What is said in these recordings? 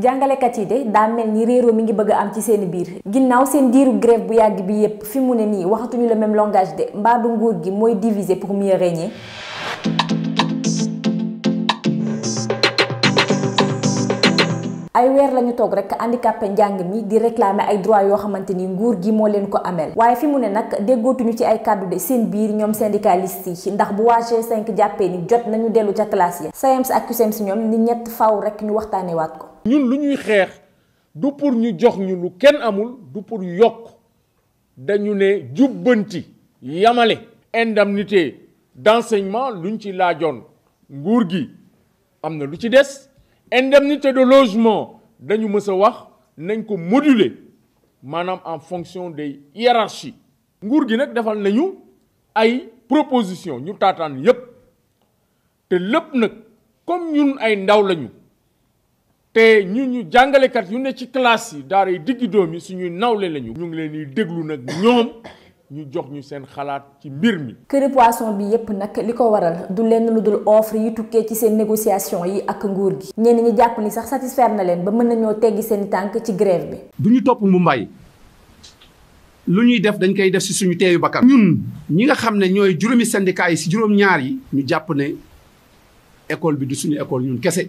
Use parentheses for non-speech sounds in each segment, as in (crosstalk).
kat yi de da mel ni réeroo mi ngi bëgg am ci seen biir ginnaw seen diiru grève bu yagg bi yépp fi mu ne nii waxatuñu le même langage de mba du nguur gi moy diviser pour mieux régner ay lañu tok rek handicapé mi di réclamer ay droit yo xamanteni nguur gi mo leen ko amel waye fi mu ne nag déggootuñu ci ay kàddu de seen biir ñom syndicalistes yi ndax bu waa 5 jappé ni jot nañu ci classe ya ak ñom ni ñett faaw rek ñu wat ko ñun lu ñuy xeex du pour ñu jox ñu lu kenn amul du pour yokk dañu ne jubbanti yamale indemnité d'enseignement luñ ci laajoon nguur gi am na lu ci des indemnité de logement dañu mës a wax nañ ko moduler maanaam en fonction des hiérarchies nguur gi nag defal nañu ay proposition ñu taataan yépp te lépp nag comme ñun ay ndaw lañu te ñu ñu jàngalekat yu ne ci classe yi daara yi diggi doom yi suñuy nawle lañu. ñu ngi leen di déglu nag ñoom ñu jox ñu seen xalaat ci mbir mi. këri poisson bi yépp nag li ko waral du lenn lu dul offre yi tukkee ci seen négociation yi ak nguur gi. ñenn ñi jàpp ni sax satisfaire na leen ba mën nañoo teggi seen tànk ci grève bi. du ñu topp mu mbay lu ñuy def dañ koy def si suñu teeyu bakkan. ñun ñi nga xam ne ñooy juróomi syndicat yi si juróom ñaar yi. ñu jàpp ne école bi du suñu école ñun kese.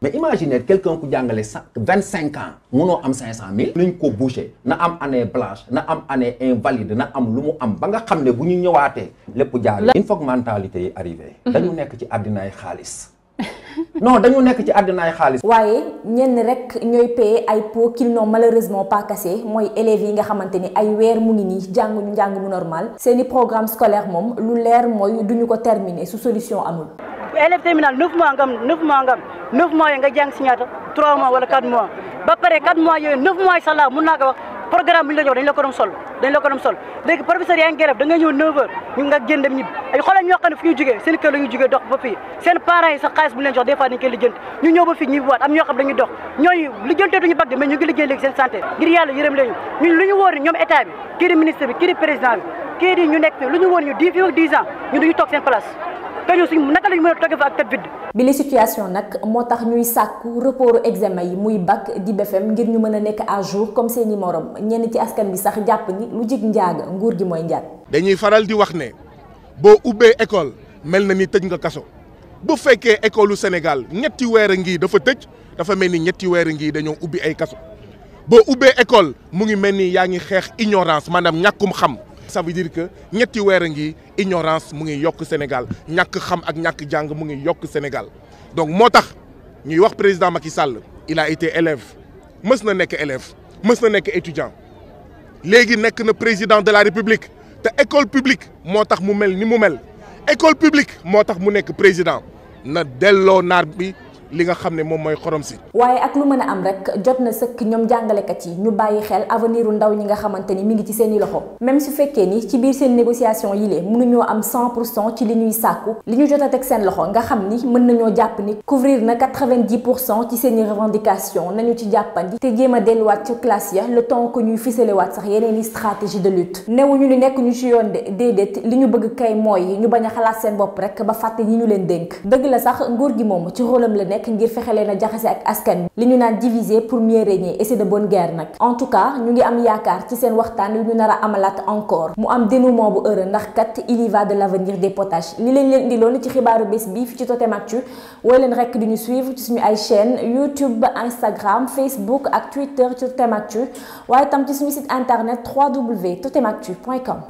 mais imaginez quelqu'un qui a 25 ans qui a 500 000, qui boucher na am année blanche na am année invalide na am am ba nga ne Une fois que mentalité arrivée. Mhm. dañu nekk ci (laughs) non dañu nekk ci vous les rek payer ay qu'ils n'ont malheureusement pas cassé. programme scolaire moom lu leer mooy terminer su solution amul élève terminal neuf mois nga am neuf trois mois wala quatre mois ba pare quatre mois yooyu neuf mois yi mun naa programme bi ñu la jox dañ la ko doon sol dañ la sol léegi professeur yaa ngi grève da nga ñëw 9h ñu nga génn dem ñibbi ay xoolal ñoo xam ne fu ñu ñu bu leen ñu ñëw ba am ñoo xam dañuy dox ñooñu ñu ngi seen santé ngir yàlla yërëm leen ñu ñu lu ñu wóor ñu ñu duñu kañ suñ naka lañ mën a toggee fa ak tête vide bi li situation nag moo tax ñuy sàkku report examen yi muy bac di BFEM ngir ñu mën a nekk à jour comme seeni morom ñenn ci askan bi sax jàpp ni lu jig njaaga nguur gi mooy njaag dañuy faral di wax ne boo ubbee école mel na ni tëj nga kaso bu fekkee école u Sénégal ñetti weer a ngi dafa tëj dafa mel ni ñetti weer a ngi dañoo ubbi ay kaso boo ubbee école mu ngi mel ni yaa ngi xeex ignorance maanaam ñàkkum xam ça veut dire que ñetti weer ngi ignorance mu ngi yok Sénégal ñak xam ak ñak jang mu ngi yok Sénégal donc motax ñuy wax président Macky Sall il a été élève mës na nek élève mës na nek étudiant légui nek na président de la République té école publique motax mu mel ni mu mel école publique motax mu nek président na delloo naar bi li nga xamne mom moy xorom si. waye ak lu meuna am rek jot na ñom ñoom jàngalekat yi ñu bayyi xel aveniru ndaw ñi nga xamanteni mi ngi ci seen loxo même su fekke ni ci biir seen négociation yi mënu mënuñoo am 100 ci li ñuy sàkku li ñu jot tek seen loxo nga xamni ni mën nañoo jàpp ni couvrir na 90 ci seen i revendication nañu ci jàppandi te jéem a delluwaat ci classe ya le temps que ñuy wat sax yeneen i stratégie de lutte newuñu ni nekk ñu ci yoon déedéet li ñu bëgg kay moy ñu baña a xalaat seen bop rek ba fàtte ñi ñu leen dénk deug la sax nguur gi mom ci xolam la nekk nekk ngir fexe leen jaxase ak askan bi li ñu naan diviser pour mieux régner et c'est de bonne guerre nak en tout cas ñu ngi am yaakar ci seen waxtaan yu ñu nara amalat encore mu am dénouement bu heureux ndax kat il y va de l'avenir des potaches li leen leen indiloon ci xibaaru bés bi fi ci Totem Actu wooy leen rek di ñu suivre ci suñu ay chaîne YouTube Instagram Facebook ak Twitter ci Totem Actu waaye tam ci suñu site internet www.totemactu.com